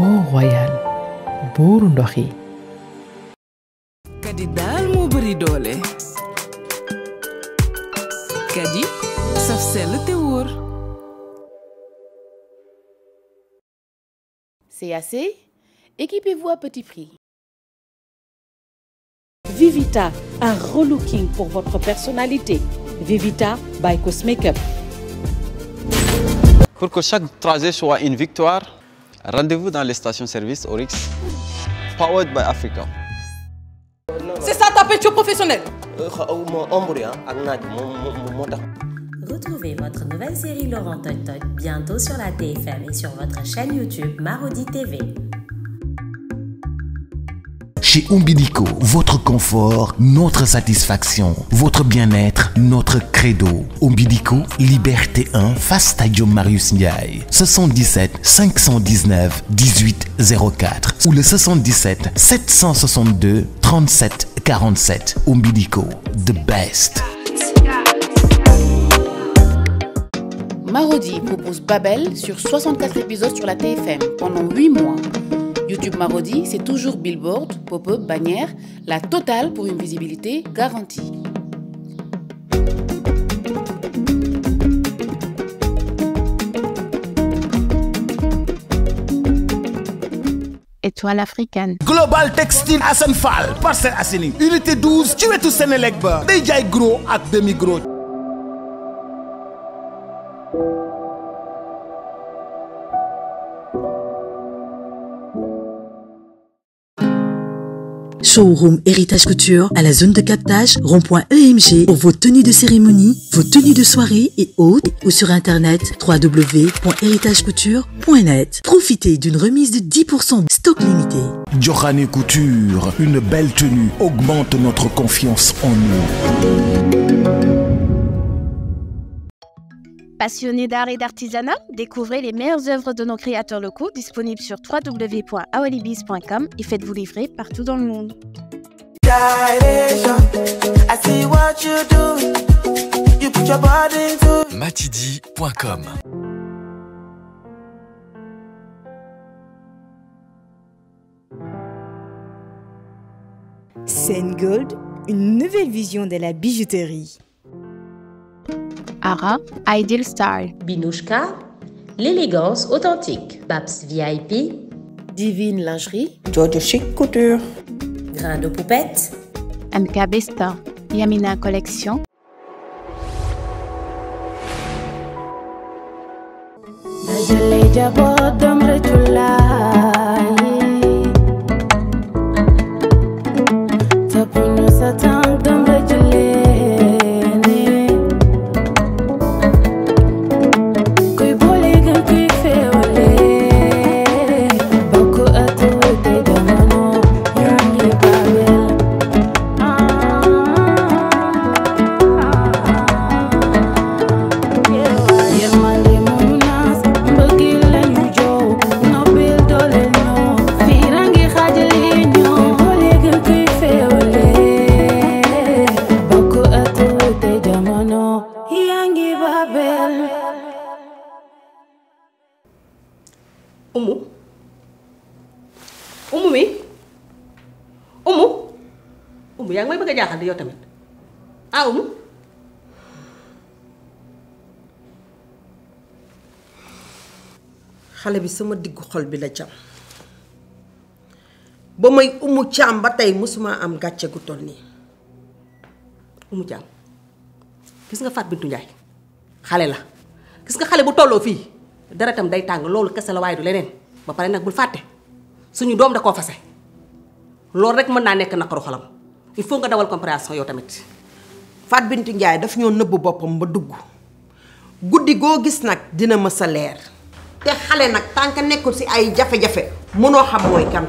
Oh royal buuru kadi Dal mo beuri kadi saf te C'est assez Équipez-vous à petit prix. Vivita, un relooking pour votre personnalité. Vivita by Cosmakeup. Pour que chaque trajet soit une victoire, Rendez-vous dans les stations-service Oryx. powered by Africa. C'est ça ta peinture professionnelle Retrouvez votre nouvelle série Laurent Toc Toc bientôt sur la TFM et sur votre chaîne YouTube Marodi TV. Chez Umbilico, votre confort, notre satisfaction, votre bien-être, notre credo. Umbilico, Liberté 1, face Stadium Marius Ndiaye. 77 519 1804 ou le 77 762 37 47. Umbilico, the best. Marodi propose Babel sur 64 épisodes sur la TFM pendant 8 mois. YouTube Marodi, c'est toujours billboard, pop-up, bannière, la totale pour une visibilité garantie. étoile africaine. Global Textile Asenfal, Parcel Assini, Unité 12, tu es tout Sénélec, Déjà gros à demi-gros. Showroom Héritage Couture à la zone de captage rond.emg pour vos tenues de cérémonie, vos tenues de soirée et autres ou sur internet www.héritagecouture.net. Profitez d'une remise de 10% stock limité. Johanne Couture, une belle tenue augmente notre confiance en nous. Passionné d'art et d'artisanat, découvrez les meilleures œuvres de nos créateurs locaux disponibles sur www.awalibis.com et faites-vous livrer partout dans le monde. Matidi.com Gold, une nouvelle vision de la bijouterie. Ideal Style. Binouchka, l'élégance authentique. Babs VIP, Divine Lingerie. George Chic Couture. Grain de poupette. MK Besta, Yamina Collection. xalé bi sama digg xol bi la jam ba may umu cham ba tay musuma am gàcce gu tolni umu gis nga Fat Bintou Ndiaye xalé la gis nga xalé bu fi dara tam day tang lolou kessa la way du lenen ba pare nak bul faté suñu dom da ko fassé lolou rek mën naa nekk xolam il faut nga dawal compréhension yow tamit Fat Bintou Ndiaye daf ñoo neub bopam ba dugg guddigo gis nak dina mës te xale nag tant que nekkul ci ay jafe-jafe mënoo xam mooy kan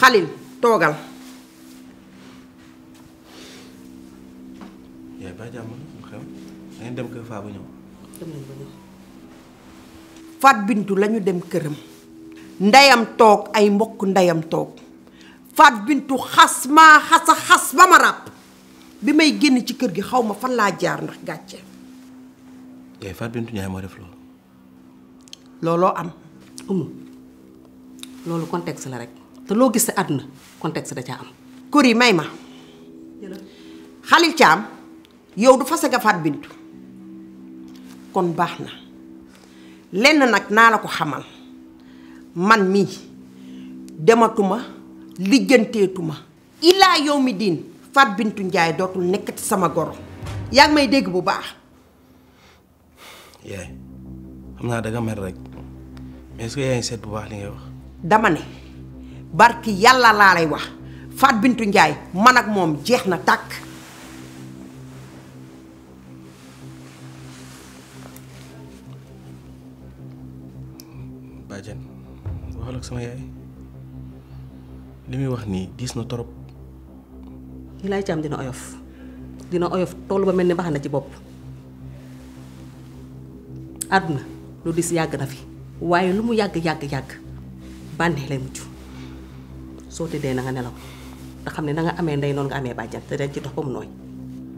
xalil toogal yaay ba dem kër faa ba ñëw Fat Bintu lañu dem këram ndeyam toog ay mbokk ndeyam toog fat bintu khasma khasa xasa xas ba ma ràpp bi may genn ci kër gi xawma ma fan la jaar ndax gatché yaay fat bintu ñaay mo def loolu lolo am um lolo contexte la rek te lo gis aduna contexte da ca am kuri mayma khalil cham yow du fase fat bintu kon baxna len nak nag ko xamal man mi dematuma lijjanteetuma ila yow mi Fat Bintou Ndiaye dotul nekk ci sama goro yaa ngi may deg bu baax yaay xam naa danga mer rek mais est-ce que yaa ngi bu baax li ngay wax dama ne barki yalla la lay wax Fat Bintou Ndiaye man ak mom jeexna tak tàkk bàjjan sama yaay limi wah wax ni diis na torop yi laay dina oyof dina oyof tolu ba melni ni ci bop aduna lu dis yag na fi waye lu mu yag yag yag bànneex lay muccu soo tëddee na nga nelaw da xam ne na nga amé ndey non nga amé ba jatt dañ ci ba mu nooy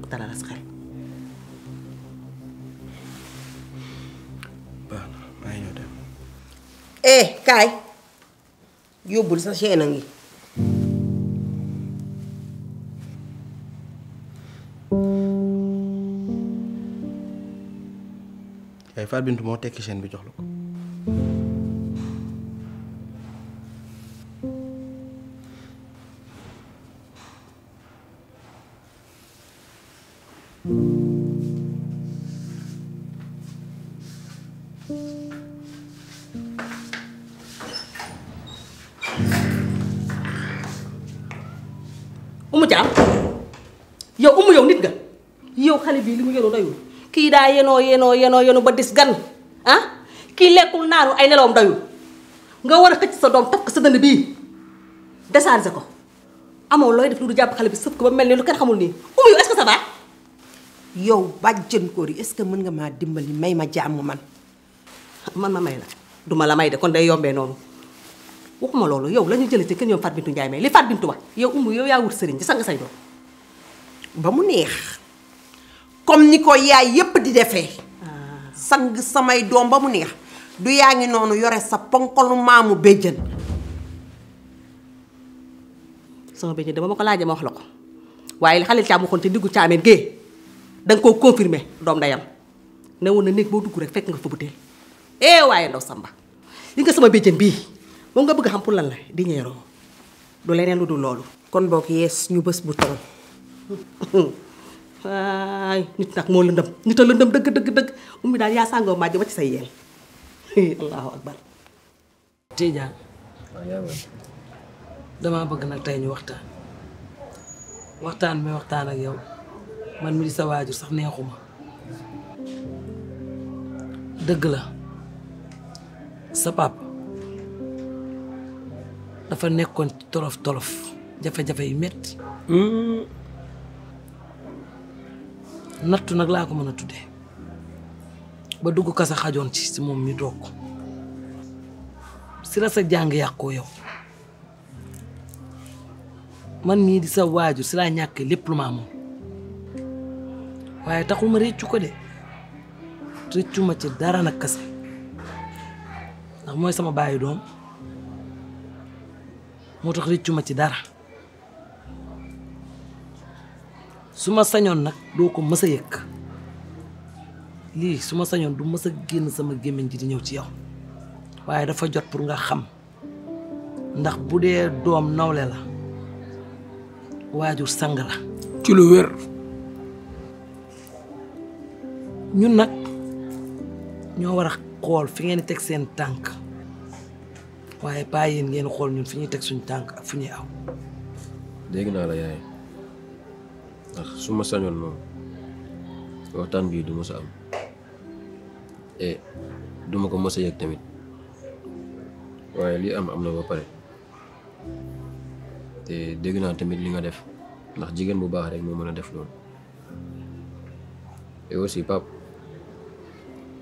xel ba ñu dem eh kay yobul sa chaîne ngi yaay Fatou Binetou moo tekki chaîne bi jox la ko. yaa yenoo yenoo yenoo yenoo ba dis gan ah kii lekkul naanu ay nelawam doyul nga war a xëcc sa doom takk sa dënd bii déchargé ko amoo looy def lu du jàpp xale bi sëf ko ba mel ni lu kenn xamul nii umu yow est-ce que yi est-ce que mën nga maa dimbali may ma jàmm man man ma may la duma la may de kon yombee noonu waxuma loolu yow la ñu jëlee ci kenn ñoom Fat Bintu Njaay may li Fat Bintu wax yow umu yow yaa wut sëriñ ci sang say doom ba mu neex comme niko yaay yep di defé sang samay dom ba mu neex du yaangi nonu yoré yore sa ponkolu mamu béjjën sama béjjën dama ma laaje ma wax lako waye waaye li xalil caam waxoon diggu caameen gee da nga koo confirmé dayam newuna nek na néeg dugg rek fek nga fa butéel eh waaye ndaw samba li nga sama béjjën bi mo nga bëgg xam pour lan la di ñëro du leneen lu du lolu kon bok yes ñu bëss bu toll waay nit nak mo lëndëm nit a lëndëm deug deug dëgg ummi dal ya sàngoo màjj ba ci say yeel allahu akbar Tidiane dama bëgg nak tay ñu waxtaan waxtaan mi waxtaan ak yow man mi di sa wajur sax neexuma deug la sa pap dafa nekkon torof torof jafé jafé jafe yu metti hmm. nattu nag laa ko mën a tuddee ba dugg kasa xajoon ci si moom mi toog si la sa jàng yàqoo yow man mii di sa waajur si laa ñàkkee lépp lu ma waaye taxul ma réccu ko de réccu ma ci dara nag kase ndax mooy sama bàyyi doom moo tax réccu ma ci dara su ma sañoon nag doo ko mës a yëg lii su ma sañoon du mës a génn sama gémmiñ ji di ñëw ci yow waaye dafa jot pour nga xam ndax bu dee doom nawle la waajur sang la ci lu wér ñun nag ñoo war a xool fi ngeen teg seen tànk waaye bàyyi yéen ngeen xool ñun fi ñuy teg suñu tànk ak fu ñuy aw dégg naa ndax su ma sañoon moom waxtaan bii du ma a am e duma ko mës a yëg tamit waaye li am am na ba pare te dégg naa tamit li nga def ndax jigéen bu baax rek moo mën a def loolu et aussi pap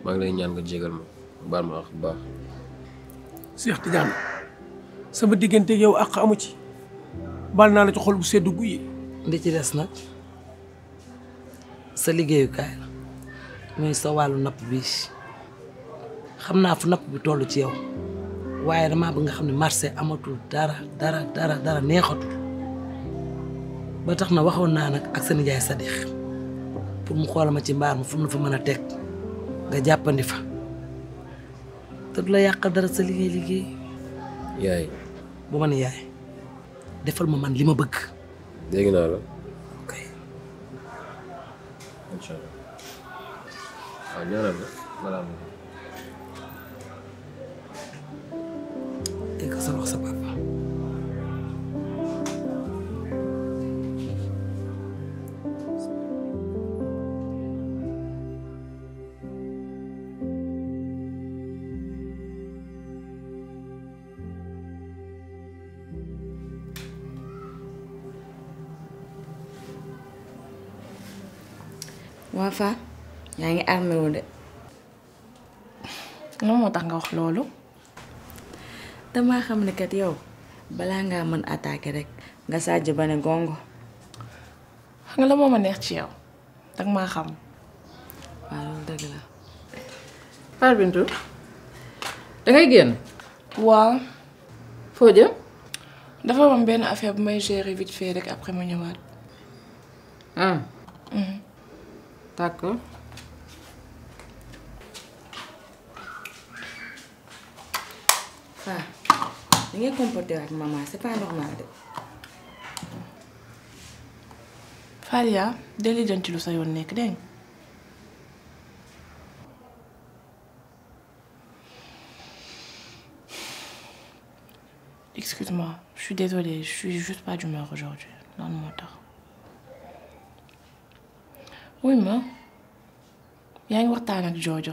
maa ngi lay ñaan nga jégal ma baal ma wax bu baax Cheikh Tidiane sama diggante yow ak amu ci baal naa la ci xol bu sedd guy li ci des nag sa liggéeyukaay la muy sa wàllu napp bi xam naa fu napp bi toll ci yow waaye damaa bëgg nga xam ne marché amatul dara dara dara neexatul ba tax na waxoon naa nag ak sa nijaay Sadix pour mu xoolal ma ci mbaar ma fu mu la fa mën a teg nga jàppandi fa te du la yàqal dara sa liggéey liggéey. yaay. bu ma yaay defal ma man li ma bëgg. Madame, madame. ça papa. Wafa. yaa ngi armé de. lan moo tax nga wax loolu. damaa xam ne kat yow balaa ngaa mën attaqué rekk nga sàjj ba ne gongo. xam nga la moo ma neex ci yow dag maa xam. waaw dëgg la. Fatou Bintou dangay génn. waaw. foo jëm. dafa am benn affaire bu may gérer vite fait rek après ma ñëwaat. ah. Mhm. d'accord. waaw da ngay avec avec maman c'est pas normal Faria, Falia day lijjanti lu sa yoon Excuse-moi, je suis désolée, je suis juste pas d'humeur aujourd'hui. Non, non, tard. Oui, a une autre waxtaan ak Jojo.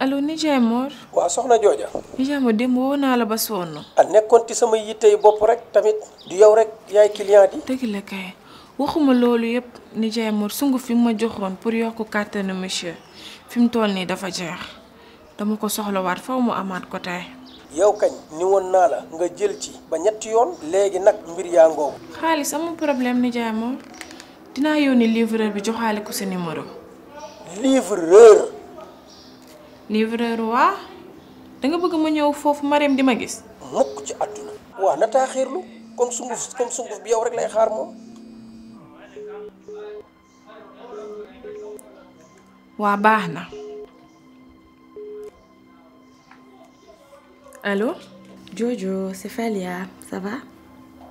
allo nijaay Mor. waaw soxna jooja. nijaay Mor démb woo naa la ba sonn. a ah, nekkoon ci sama yittey bopp rek tamit du yow rek yaay client yi. dëgg la kay waxuma loolu yëpp nijaay Mor sungu fi mu ma joxoon pour yokk kàttanu monsieur fi mu toll nii dafa jeex dama ko soxlawaat faw mu amaat ko tey. yow kañ ni woon naa la nga jël ci ba ñetti yoon. léegi nag mbir yaa ngoow. xaalis amul problème nijaay Mor dinaa yónni livreur bi joxaale ko sa numéro. livreur. livreur wa da nga bëgg ma ñëw fofu mariam di ma gis mukk oh, ci aduna wa na taa xiirlu comme sunguf comme sunguf bi yow rek lay xaar moom wa baax nah. allo Jojo, c'est Falia, ça va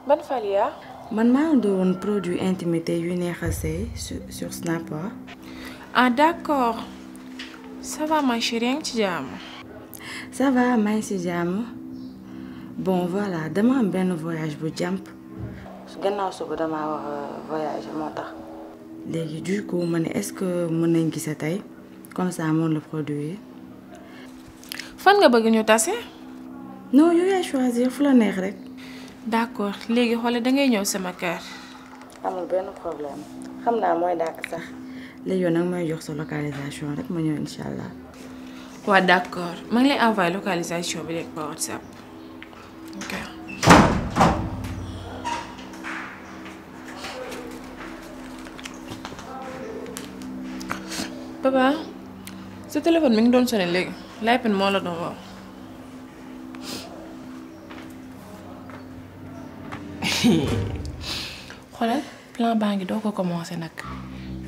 ban Falia. Man ma un produit intimité yu RC sur, sur Snap. Ah d'accord. Ça va, ma chérie, ça va ma si bon voilà demande un voyage bu Je Je dama euh, voyage, faire du coup est-ce que mon nañ gise comme ça mon le produit. fan nga bëgg ñu non yu choisir fu la rek. d'accord légui xolé da ngay sama cœur. amul problème léegi yow nag sa localisation rek ma ñëw inshallah wa d'accord d' ngi lay envoyer localisation bi rek par WhatsApp ok. papa sa téléphone mi ngi doon sonné léegi Laipin mo la doon woo. xoolal plan baa do ko commencer nak.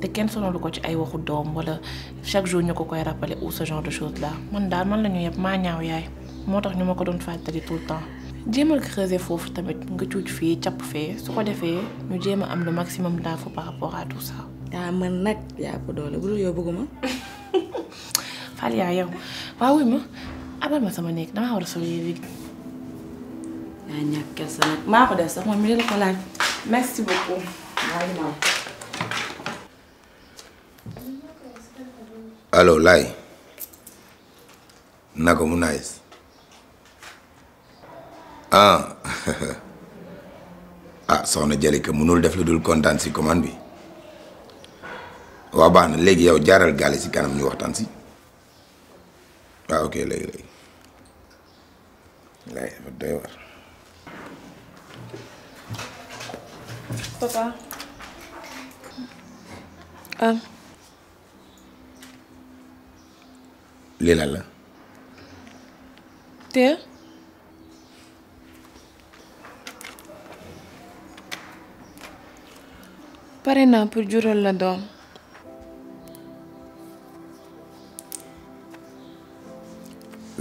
te kenn sonalu ko ci ay waxu doom wala chaque jour ñu ko koy rappeler ou ce genre de chose là man daal man la ñu yëpp maa ñaaw yaay moo tax ñu ma ko doon fàttali tout le temps. jéem creuser foofu tamit nga cuuj fii capp fee su ko defee ñu jéem a am le maximum d'infos par rapport à tout ça. ah man nag yaa ko doole bu dul yow bëgguma. Fall yaa yow waaw wuy ma abal ma sama néeg damaa war a sol yéen yaa ñàkk sa nag maa ko def sax moom mi la ko laaj merci beaucoup. waaw Alo, Hello, lie. Nagomunize. Ah. ah, jeli ke munul def lu dul kontaan si commande bi. Wa ban na léegi yow jaaral gaale si kanam ñu waxtaan si. waaw ok lai léegi. lay ma doy war. papa. ah. lii lan la. pour jural la dom.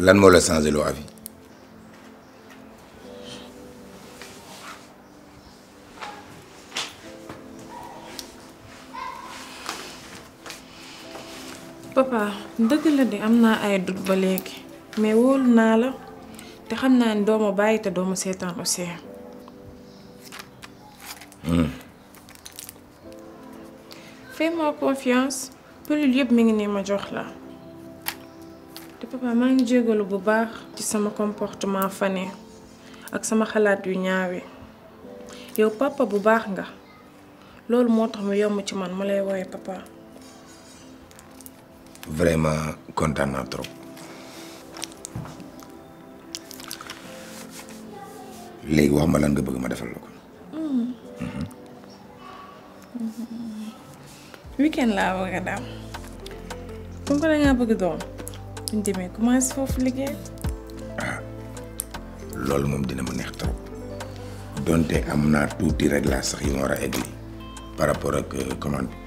lan mo la changé loo avis. papa dëgg la de am naa ay dut ba léegi mais wóolu naa la te xam naa ni dooma bàyyi te dooma seetaan aussi. Hmm. fais-moi confiance pilule yëpp mi ngi nii ma jox la te papa maa ngi jégalu bu baax ci sama comportement fane ak sama xalaat yu ñaawi yow papa bu baax nga loolu moo tax mu yomb ci man ma lay wooye papa. vraiment kontaan trop léegi wax ma lan nga bëgg ma defal la ko. Mm-hmm. kenn laa bëgg a daal. comme que da bëgg doom. ñu demee commencé foofu liggéey. Ah, loolu moom dina ma neex trop. donte am naa tuuti réglage sax yu ma war a egg par rapport ak euh, commande.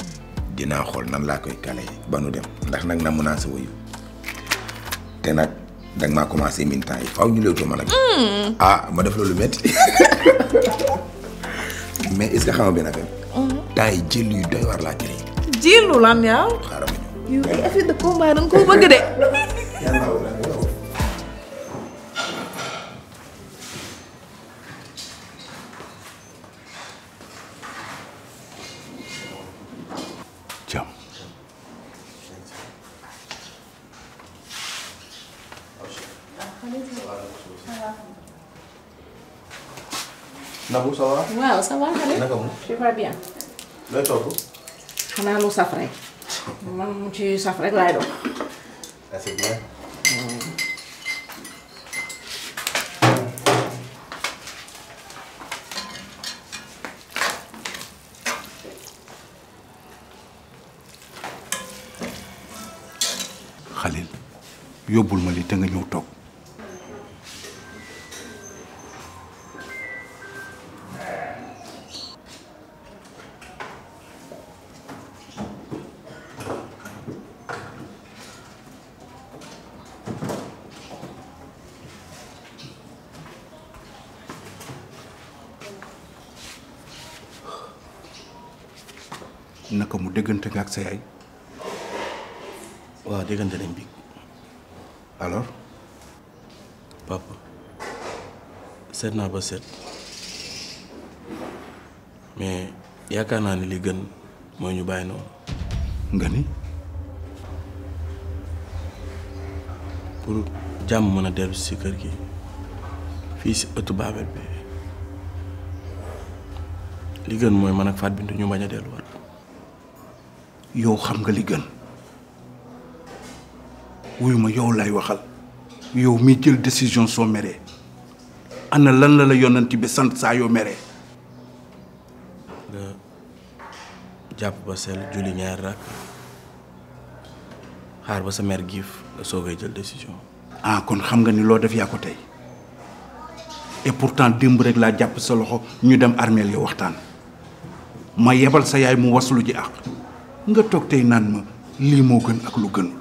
dinaa xool nan laa koy kale ba nu dem ndax nag namm naa sa wuyu te nag danga maa commencé min temps yi faaw ñu léewtoo ma nag. Hmm. ah ma def loolu métti mais est-ce que xam nga benn hmm. jël yu doy war laa jëlee. jëlu lan yaaw. xaaral ma ñëw yow ay affaire de combat da nga koo bëgg de. Loum ça waaw ça xale. naka mu. tu vas looy togg. xanaa lu saf rek. man ci saf rek laay doon. c'est bien. ma li te nga ñëw toog. naka mu deugante nga ak sa yaay wa deugante nañ bi alors papa set, na ba set mais yakana ni li gën mooy ñu bàyyi nga ni pour jam mëna delu ci si kër gi fi ci ëttu bi li gën moy man ak fat bintu ñu baña delu yow xam nga li gën wuyu ma yow lay waxal yow mi jël décision soo meree na lan la la yonanti bi sant saa yoo meree nga jàpp ba sel julli ñaar rakk xaar ba sa mer giif nga soogay jël décision ah kon xam nga ni loo def yaa ko tey et pourtant démb rek laa jàpp sa loxo ñu dem armeel ya waxtaan ma yebal sa yaay mu waslu ji àq nga tok tay nan ma li mo gën ak lu gënul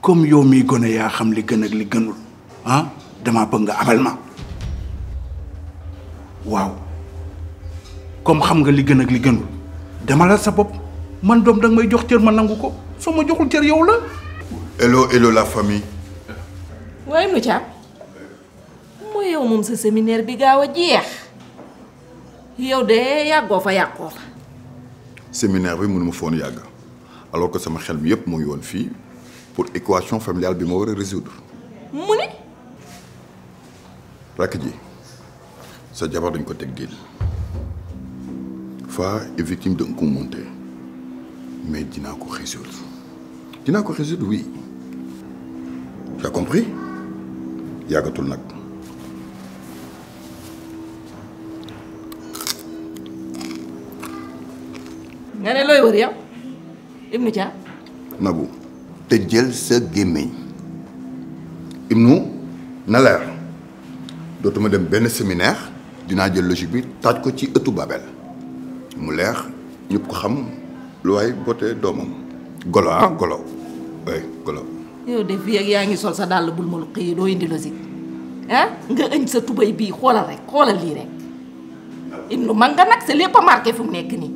comme yow mi gone ya xam li gën ak li gënul ah dama bëgg nga abal ma waaw comme xam nga li gën ak li gënul dama la sa bop man dom dang may jox cër man nangu ko soo ma joxul cër yow la hello hello la famille way mu caab mo yow mom sa séminaire bi gawa jeex yow de yàggoo fa yakko séminaire bi mënuma foon yag alors que sama xel bi yëpp moy won fi pour équation familiale bi mo war résoudre. mune rak ça ji sa jabar dañ ko tek dil Fa est victime d'un commentaire, monté mais dina ko résoudre dina ko résoudre oui. Tu as compris yagatul nak nga ne looy wër yow ibnu Thiam. Nabou te jël sa gémmiñ ibnu na leer dootuma dem benn séminaire dinaa jël logique bi taaj ko ci ëttu Babel mu leex ñëpp ko xam lu waay bootee doomam golo ah golo oui golo. yaa ngi sol sa dàll bul ma lu xëy doo indi logique ah nga ëñ sa tubay bii xoolal rek xoolal lii rek ibnu man nga nag sa lépp a marqué mu nekk nii.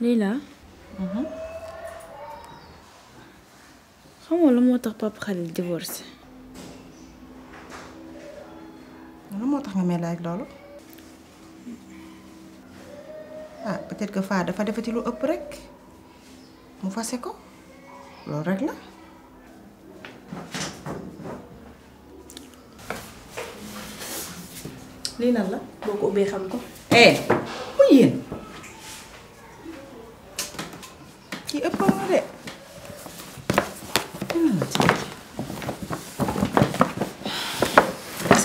lii laa xamoo la mhm. moo tax Pape Khalil divorcé moo tax nga may laaj loolu ah peut-être que Faa dafa defati lu ëpp rek mu fase ko loolu rek la lii lan la boo ko ubbee xam ko eh mu yéen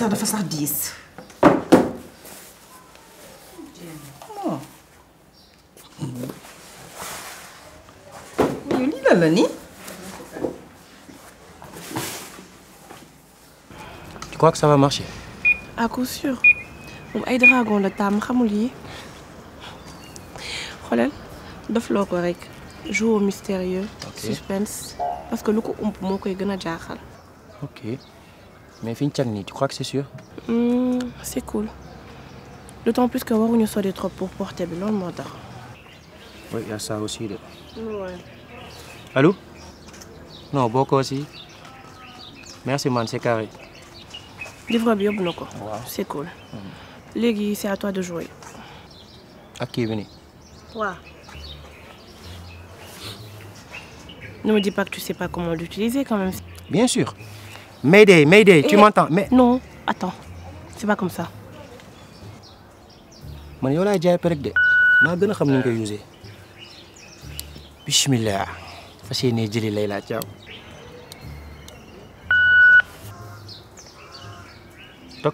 Je tu crois que ça va marcher. à coup sûr moom ay dragon le Je yi en train ko joue mystérieux. suspense parce que le ko on peut de faire ok mais fin tu crois que c'est sûr. Hmm, c'est cool d'autant plus que une des trop pour porter non, loolu Oui, y a ça aussi là. ouais. allô. non beaucoup aussi merci man c'est carré. livre c'est cool. Hmm. Légui, c'est à toi de jouer. à qui est ne me dis pas que tu sais pas comment l'utiliser quand même. bien sûr. Mayday, Mayday, tu eh, m'entends mais... Non, attends. C'est pas comme ça. man yow suis jay perek de Ma Je xam ñu Je bismillah fas jëli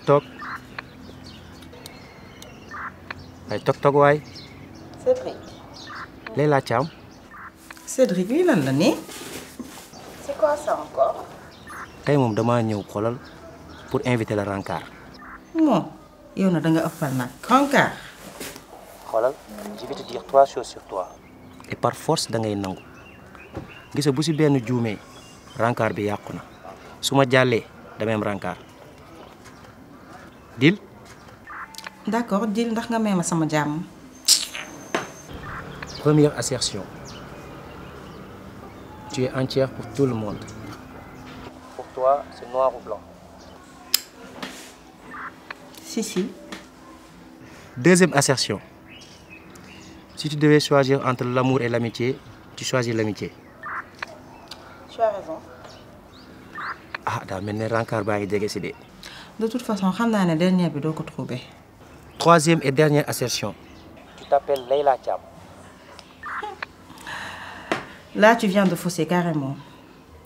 toc. Cédric Cédric oui, c'est quoi ça encore kay mom dama ñew xolal pour inviter la Rancard. mo yow iya, na da nga ëppal nak Rancard. xolal je vais te dire trois choses sur toi. et par force da ngay nangu. gisse bu ci ben juumee Rancard bi yakuna suma su da même Rancard. dil. d'accord dil ndax nga may sama jàmm. première assertion. tu es entière pour tout le monde. c'est noir ou blanc. Si, si. Deuxième assertion. Si tu devais choisir entre l'amour et l'amitié, tu choisis l'amitié. Tu as raison. Ah, d'amener mel de rencard de. toute façon je suis ne dernière bi que troisième et dernière assertion. tu t'appelles Leila Thiam. là tu viens de fausser carrément.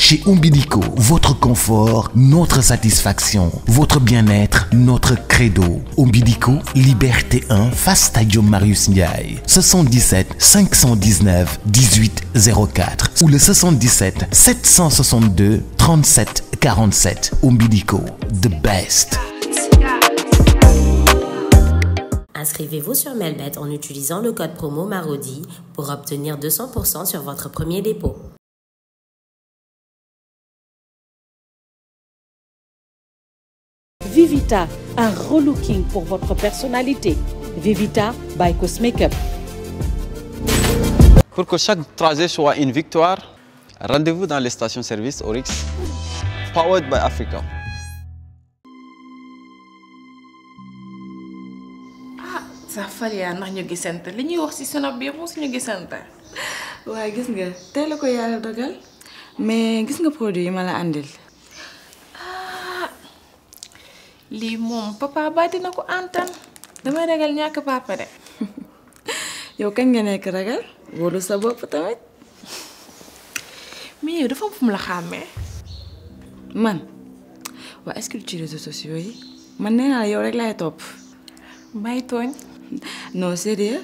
Chez Umbilico, votre confort, notre satisfaction, votre bien-être, notre credo. Umbilico, Liberté 1, face Marius Ndiaye. 77 519 1804 ou le 77 762 37 47. Umbilico, the best. Inscrivez-vous sur Melbet en utilisant le code promo Marodi pour obtenir 200% sur votre premier dépôt. Vivita, un relooking pour votre personnalité. Vivita by Cosmakeup. Pour que chaque trajet soit une victoire, rendez-vous dans les stations-service Orix, powered by Africa. ah sax fal yaa ndax ñu gisante li ñuy wax ci sonab bi yëpp suñu gisante. waaye gis nga tey la ko mais gis nga produit yi la lii moom papa ba dina ko antan damay ragal ñàkk papa de. yow kañ nga nekk ragal wóolu sa bopp tamit. mais yow dafa am mu la xàmmee. man waa est-ce sociaux yi man nee naa yow rek lay topp. may tooñ. non sérieux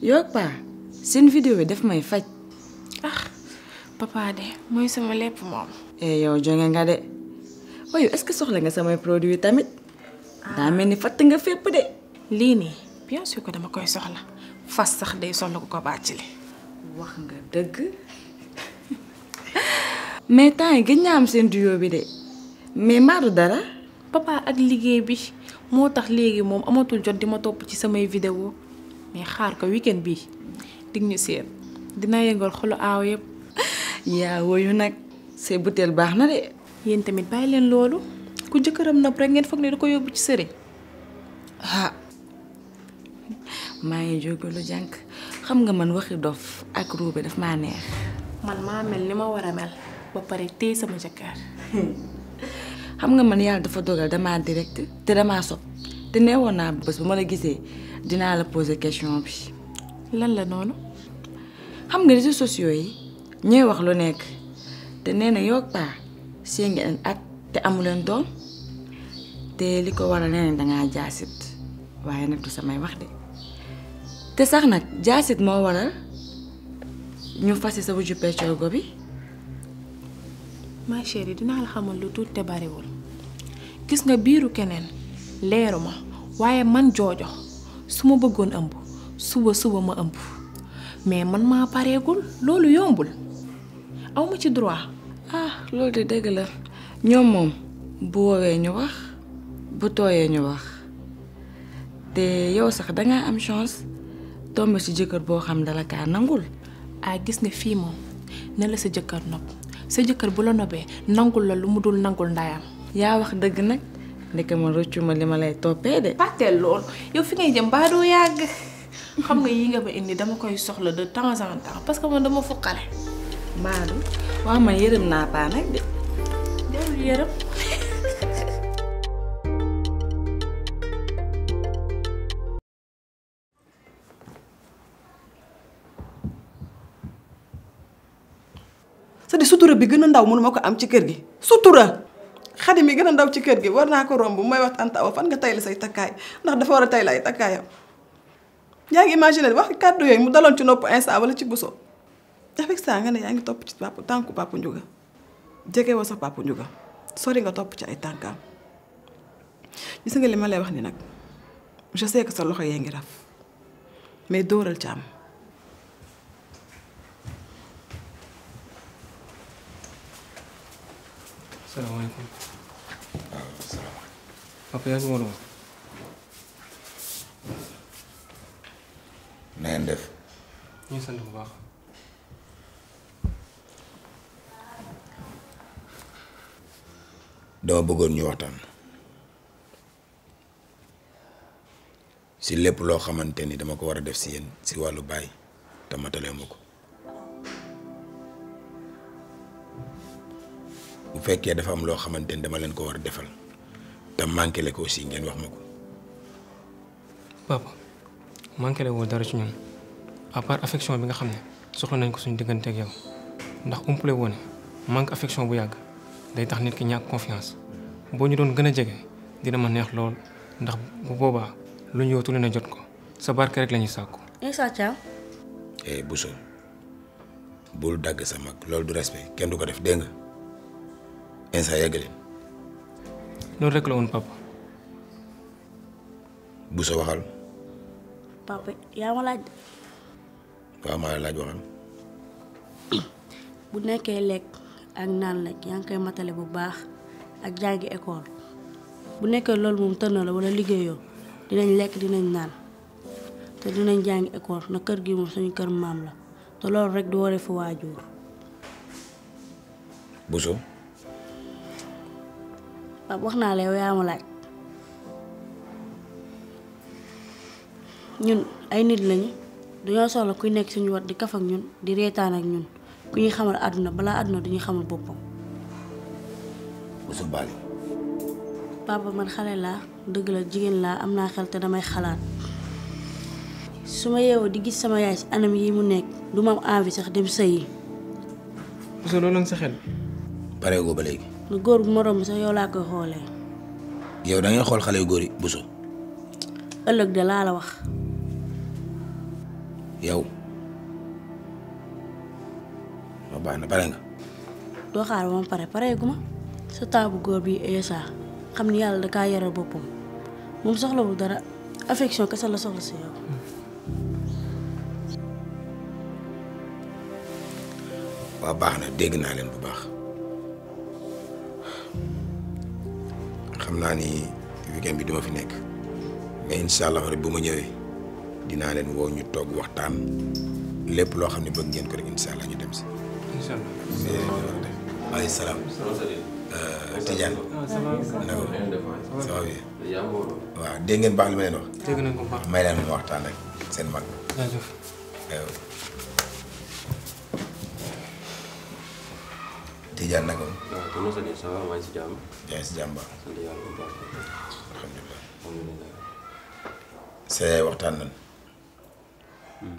yow paa seen vidéo bi daf may faj. ah papa de mooy sama lépp moom. eh yow jonge nga de. waaye est-ce que soxla nga samay tamit daa ah. nah, mel ni fatt nga fépp de lii nii bien sûr que dama koy soxla fas sax day soxla ko ko bàccili wax nga dëgg mais temps Mais gën naa am seen duo bi de mais maaru dara papa ak liggéey bi moo tax léegi moom amatul jot di ma topp ci mes vidéos. mais xaar ko weekend end dig ñu seen dina yang xolu aaw yëpp ya woyunak nag see butéel nah, de yéen tamit bàyyi leen loolu ku jëkkëram nopp rek ngeen foog ne da ko yóbbu ci sëriñ maa ngi lu jànk xam nga man waxi dof ak ruube daf maa neex man maa mel ni ma war a mel ba pare téye sama jëkkër xam nga man yàlla dafa dogal damaa direct te damaa sob te neewoon naa bés bu ma la gisee dinaa la poser question bi lan la noonu xam nga réseaux sociaux yi ñooy wax lu nekk te nee na paa sëy ngeen at te amuleen doom te liko wala waral nee nga jasit waye nak du samay wax de te sax nak jasit mo wala ñu fassé sa wujju peccorgo bi ma chérie dinaa la xamal lu tout te bariwul gis nga biiru kenen leruma waye man jojo suma bëggoon ëmb suba suba ma ëmb mais man maa pareegul lolu yombul awma ci droit ah loolu de dëgg la ñoom moom bu woowee ñu wax bu tooyee ñu wax te yow sax dangaa am chance tombe ci jëkkër boo xam dala kaa nangul ah gis nga fii moom ne la sa jëkkër nopp sa jëkkër bu la nobee nangul la lu mu dul nangul ndaayam yaa wax dëgg nag ndeke ma rëccu ma li ma lay toppee de fàtteel loolu yow fi ngay jëm baa doo yàgg xam nga yi nga ma indi dama koy soxla de temps en temps parce que man dama fukkale maadu waaw man naa paa de sutura bi gën a ndaw mënu ma ko am ci kër gi sutura xadim yi gën a ndaw ci kër gi war naa ko romb may wax Anta Awa fan nga tayla say takkaay ndax dafa war a tayla ay takkaayam yaa ngi imaginer wax kàddu yooyu mu daloon ci noppu instant wala ci buso avec ça nga ne yaa ngi topp ci papa tànk papa Ndiouga jege woo sax papa Ndiouga sori nga topp ci ay tànkaam gis nga li ma lay wax ni nag je sais sa loxo yee ngi raf mais dooral ci am salaamaaleykum waaw def dama bëggoon ñu waxtaan si lépp loo xamante ni dama ko war a def si yéen si wàllu bàyyi te matalee ma ko bu fekkee dafa am loo xamante ni dama leen ko war a defal te manqué le ko aussi ngeen wax ma ko. papa manqué le woo dara ci ñun à part affection bi nga xam ne soxla nañ ko suñu digganteeg yow ndax umpale woon manque affection bu yàgg. day tax nit ki ñàkk confiance boo ñu doon gën a jege dina ma neex lool ndax bu boobaa lu ñu yootu leen a jot ko sa barke rek la ñuy sàkku. Insa Thiam. Eh, bul dagg sa mag loolu du respect kenn du ko def dégg nga Insa yeggali. loolu rek la woon papa. Bousso waxal. papa yaa ma laaj waxal. bu nekkee lekk. ak naan lekk yaa ngi koy matale bu baax ak jàngi école bu nekkee loolu moom tën na la wala liggéeyoo dinañ lekk dinañ naan te dinañ jàngi école na kër gi moom suñu kër maam la te loolu rek du waree fi waajur. Bousso. wax naa la yaa ma laaj ñun ay nit lañu dañoo soxla kuy nekk suñu wat di kaf ak ñun di reetaan ak ñun. ku ñuy xamal àdduna balaa àdduna du ñuy xamal boppam. Moussa Bali. papa xale laa dëgg la jigéen laa am naa xel te damay xalaat su ma yeewoo di gis sama yaay si anam yi mu nekk du ma am envie sax dem sëyi. Moussa loolu nga sa xel. pareegoo ba léegi. lu góor bu moroom sax yow laa koy xoolee. yow da ngay xool xale yu góor yi Bousso. ëllëg de laa la wax. yow baax na pare nga doo xaar pare pareegu ya, guma iya, sa taabu góor bi Essa xam ni yàlla da kaa yaral boppam moom soxlawul dara affection kese la soxla si yow waa baax na dégg bu baax xam ni weekend bi duma fi nekk mais incha allah rek bu ma ñëwee dinaa leen ñu toog waxtaan bëgg ngeen ko rek ñu dem si incha allah. maaleykum salaam. Tidiane. Ah, waaw dégg ngeen baax li ma leen wax. dégg nañ ko baax may leen ma waxtaan ak seen mag. jaajëf. Tidiane naka. Ah, waaw si jàmm. yaa ngi waxtaan nan. Hmm.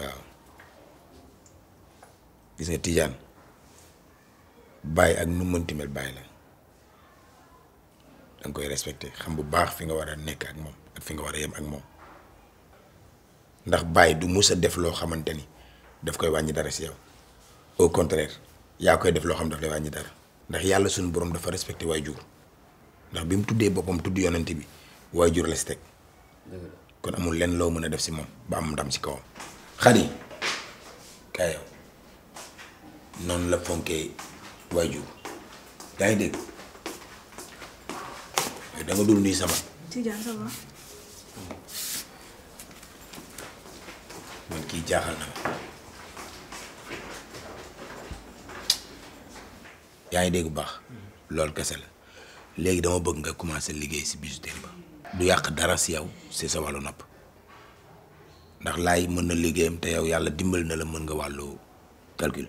waaw. gis nga tijaan bàyyi ak nu mënti mel bàyyi la danga koy respecté xam bu baax fi nga war a nekk ak moom fi nga war yem ak moom ndax bàyyi du mus a def loo xamante ni daf koy wàññi dara si yow au contraire yaa koy def loo xam daf lay wàññi dara ndax yàlla suñu borom dafa respecté waajur ndax bi mu tuddee boppam tudd yonent bi waajur la si teg kon amul lenn loo mën a def si moom ba am ndam si kawam xar noonu la fonkee waajur yaa ngi dégg da nga dul nuyu sama. man kii jaaxal na ma. yaa ngi dégg bu baax. loolu kese la léegi dama bëgg nga commencer liggéey ci bijouterie ba. du yàq dara si yow si sa wàllu nopp ndax laay mën na liggéeyam te yow yàlla dimbali na la mën nga wàllu calcul.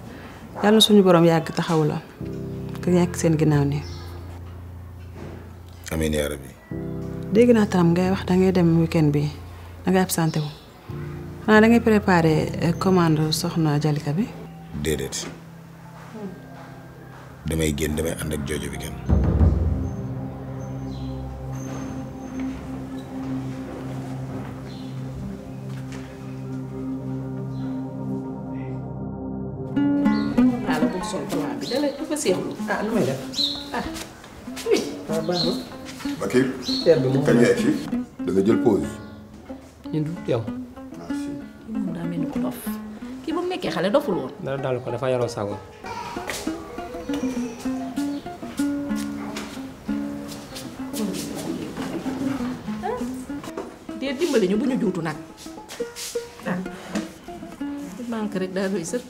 yàlla suñu boroom yàgg taxawu la te yàgg seen ginnaaw nii. amiin yaa rabbi. dégg naa tam ngay wax dangay dem weekend bi da ngay absenté xanaa da ngay préparé euh, commande soxna Jalika bi. déedéet damay génn damay ànd ak joojo bi Seexu ah lu may def ah oui. waaw ah, baax na. Bakir. teer kañ si. da nga jël pause. ñun du yow. Ah, moom daa mel ni ku dof kii ba mu nekkee xale doful woon. dara daal ko dafa yaroo sago. Ah, dee dimbali ñu bu ñu juutu nag ah. manque rek daa doy sëkk.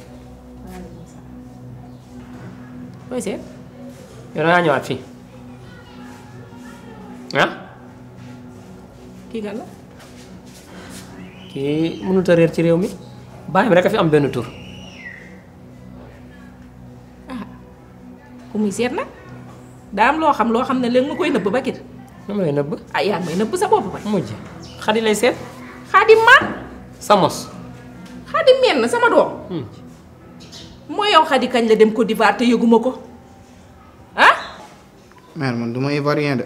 Puede ser. Yo no daño fii. Ya? Kii gan la? Kii mënut a réer ci mi. Bàyyam a fi am Ah. Ku muy seet lo Daa lo loo xam loo xam ne léegi ma koy nëbb Bakir. Ah, ma sa ¿Samos mooy yow xadi kañ la dem Côte d'Ivoire te yëguma ko ah. mère man du ma ivoirien de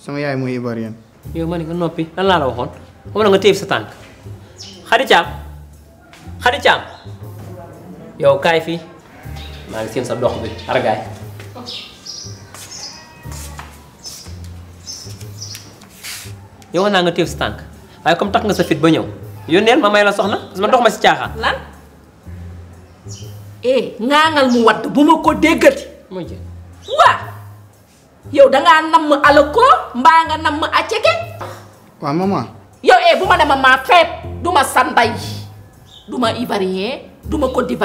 sama yaay mooy ivoirien. yow ma ne ko noppi lan laa la waxoon xam na nga téye sa tànk xadi caam xadi caam yow kaay fii maa ngi seen sa dox bi argaay yow naa nga téye sa tànk waaye comme tax nga sa fit ba ñëw yónneel ma may la soxna parce ma dox ma si caaxaan eh ŋaaŋal mu wadd bu ma ko déggati. mu jël waa yow da ngaa alako mbaa nga namm aceke. waaw maman. yow eh, bu ma ne ma maa feeb du ma sanday du ma ivoirien du ma Côte du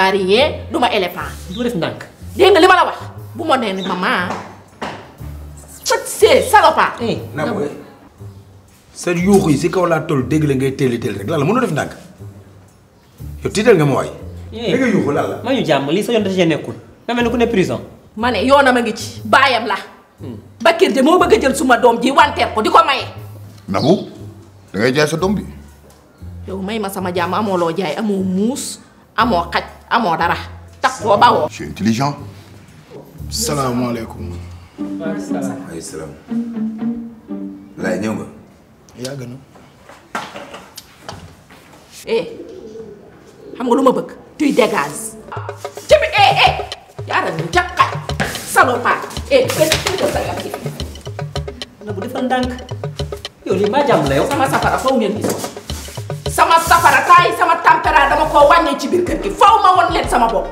def ndànk. dégg li ma la wax bu ma nee ni maman see salopard. Eh, na sa yuuxu yi si kaw laa toll dégg la ngay teel a rek la la mënoo def ndànk yow tiital nga ma waay. Eh. li la. maa ñu jàmm lii sa yoon da cee nekkul nga mel ni ku ne prison. ma ne yoonam a ngi ci baayam la. Hmm. Bakir de moo bëgg jël suma doom ji wanteer ko di ko maye. Nabou da ngay jaay sa doom bi. yow may ma sama jàmm amoo loo jaay amoo muus amoo xaj amoo dara tax koo bawoo. c'est intelligent. salaamaaleykum. waaleykum salaam. nga. yàgg na. eh xam nga lu ma bëgg. Tu dégages. Tu me. Hé, hé Yaram, jàqal. Salopard. Eh, qu'est-ce que ça gâte Nabu defal ndànk. Yow li ma jàmm la yow. Sama safara foofu ngeen gisoo. sama safara tay. sama tampera dama ko wàññee ci bir kër gi faw ma won leen sama bopp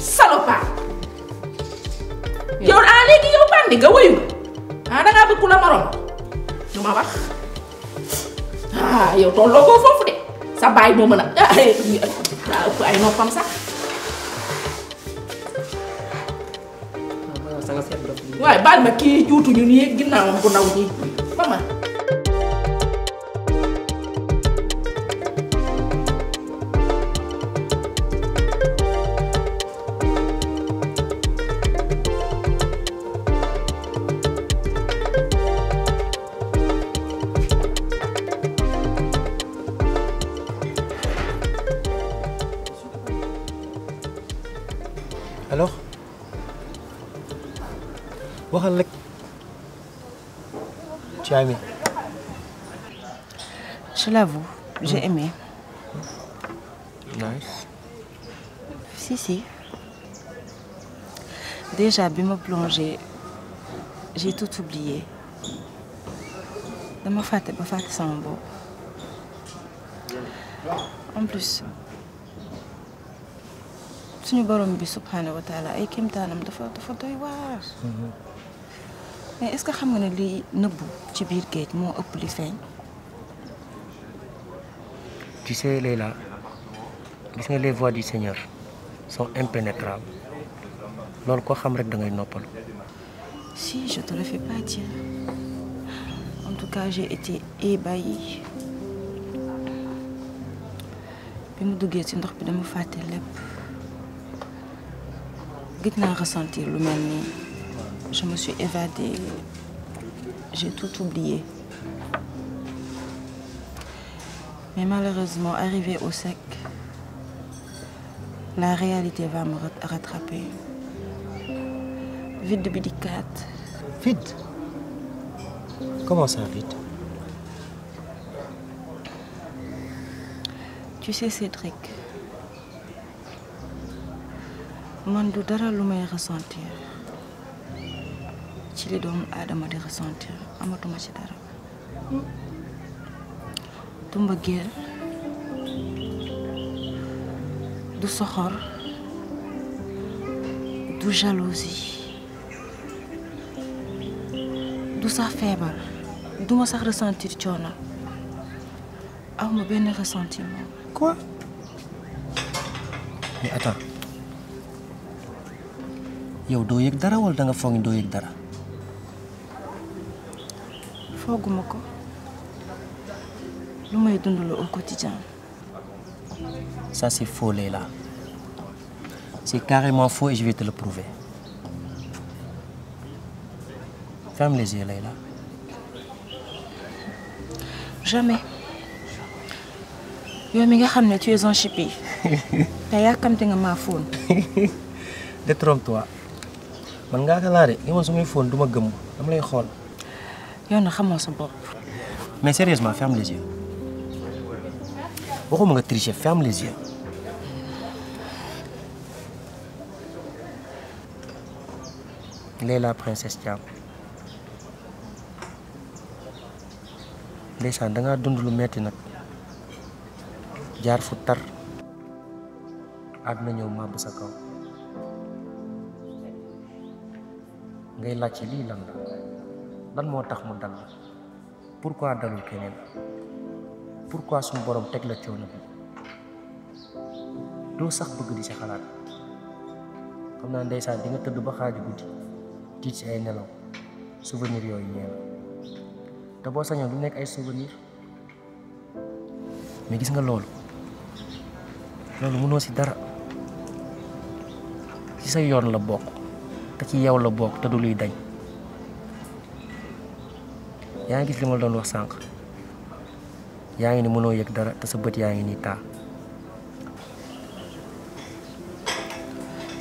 Salopa. yow ah léegi yow bandi ga wayu ha da nga bëgg ku la morom du wax ah yow tolloo koo foofu de sa baay moo mën Je ne ma pas. Tu as aimé Je l'avoue, j'ai mmh. aimé. Nice. Si, si. Déjà, me plonger, j'ai tout oublié. dama fàtte ba fàtte sama bopp en plus suñu borom bi subhanahu wa taala ay kéemtaanam dafa dafa doy waar mm-hmm mais est-ce que xam nga ne li nëbbu ci biir est tu sais Leila les voix du Seigneur sont impénétrables Tu ne xam rek da si je ne te le fais pas dire en tout cas j'ai été ébahie mu ci ndox bi dama lépp ressentir lu je me suis évadée. J'ai tout oublié. Mais malheureusement, arrivé au sec, la réalité va me rattraper. Vite, de bidicate. Vite. Comment ça, vite Tu sais, Cédric, Je ressentir li doomu aadama di ressentir amatuma ci dara du mbëggeel du soxor du jalousie du sax feebar duma sax ressentir coono awma benn ressentiment quoi mais attends yow doo yëg dara wala da foog ni doo yëg dara quotidien. ça c'est faux Leila c'est carrément faux et je vais te le prouver ferme les yeux Leila. jamais Yo, mi nga xamné tu es un chipi te yàkkamte nga ma détrompe-toi man ne sais pas. yow tu may duma dama lay yow nag xamoo sa bopp. mais sérieusement ferme les yeux waxuma nga tricher ferme les yeux. Leila princesse Thiam ndeysaan da ngaa dund lu metti nag jaar fu tar sa kaw ngay lan la lan mo tax mu dal pourquoi dalul keneen pourquoi sun borom teg la coono bi doo sax bëgg di si xalaat xam naa ndeysaan di nga tëdd ba xaaju guddi tiit si ay nelaw souvenir yooyu ñeel te boo sañoon du nekk ay souvenir mais gis nga loolu loolu mënoo si dara ci sa yoon la bokk te ci yow la bokk te du luy dañ yaa ngi gis li ma doon wax sànq yaa ngi ni mënoo yëg dara te sa bët yaa ngi nii taa.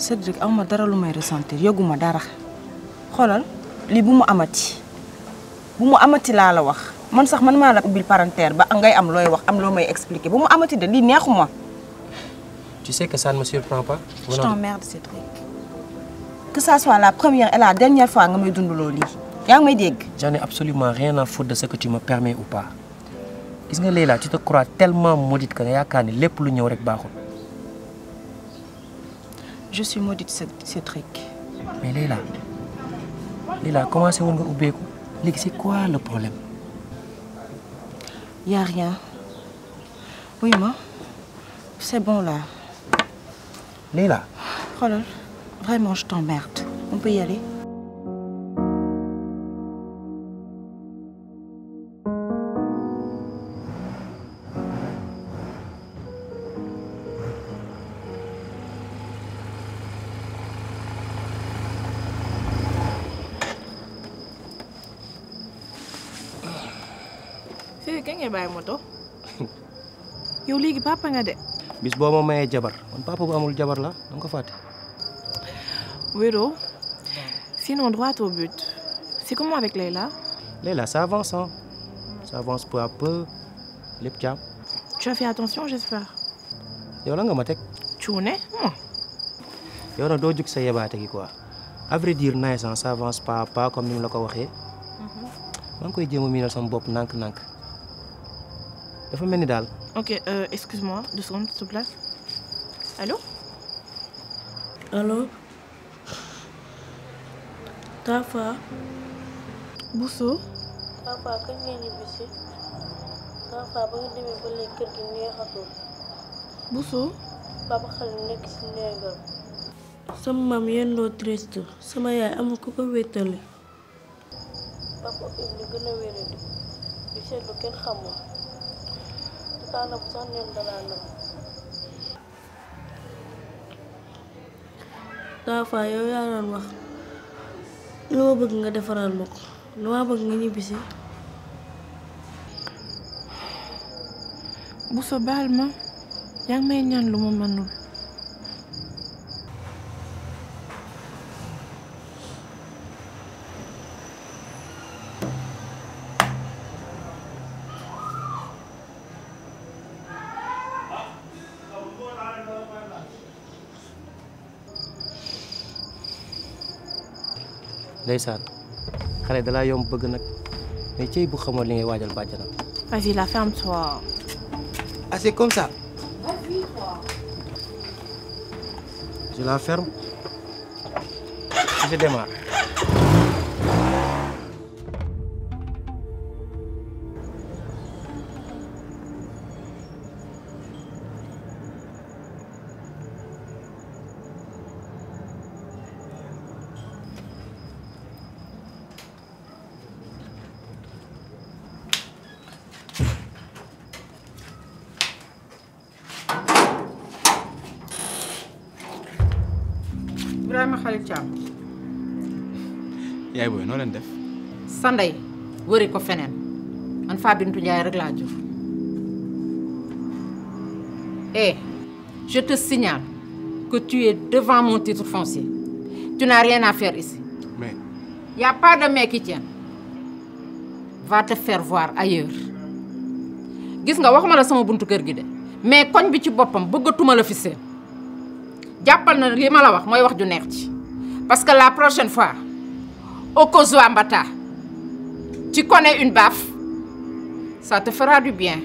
Cédric aw ma dara lu may ressentir yëguma dara xoolal lii bu mu amati bu mu amati laa la wax man sax man maa la ubbil parenthèse ba ngay am looy wax am loo may expliqué bu mu amati de lii neexuma. tu sais que ça ne me surprend pas. je soit la première et la dernière fois nga may dund lii. j'en ai absolument rien à foutre de ce que tu me permets ou pas tu te crois tellement maudite que tu n'as ni lépp lu ñëw rek je suis maudite truc. mais Leila Leila ce vous nga as oublié c'est quoi le problème. Il n'y a rien oui moi, c'est bon là. Leila. là, vraiment je t'emmerde on peut y aller. moto. de. bis jabar papa bu amul jabar la ko Wéro sinon droit au but c'est comment avec Leila. Leila ça avance hein ça avance peu à peu tu as fait attention j'espère. yow la nga ma teg. Ne yo nag doo sa quoi à dire naissance hein. avance pas pas comme ni ko waxé mhm. koy a sam dafa ok euh, excuse-moi deux secondes s'il te plaît allô. allô. Tafa. Bousso. Tafa kañ nga ñibbisi. Tafa ba nga demee ba léegi kër gi neexatul. Bousso. papa xale ci Ma sama maam yendoo triste sama yaay amul ko papa bi gën a wéradi di seetlu kenn لا نفسان يندلالم dafa yow yaa lu bëgg nga défaral ma lu ma bëgg nga ñibisi. bu so baal ma may ñaan lu ma manul. ndeysaan xale mais cey bu li ngay waajal vas-y la ferme-toi. ah c'est comme ça. vas-y toi. je la ferme. je démarre. Ibrahima Khalil Thiam. yaay booy noo leen def. Sanday ndey wëri ko fenen. man fa Bintu Ndiaye rek la jur. eh je te signale que tu es devant mon titre foncier tu n'as rien à faire ici. mais. y a pas de mec qui tient. va te faire voir ailleurs. gis nga waxuma la sama buntu kër gi de mais koñ bi ci bopam bëggatuma la fi seen. Je na li ma la wax moy wax ju neex parce que la prochaine fois au Kozwa Mbata tu connais une baffe ça te fera du bien.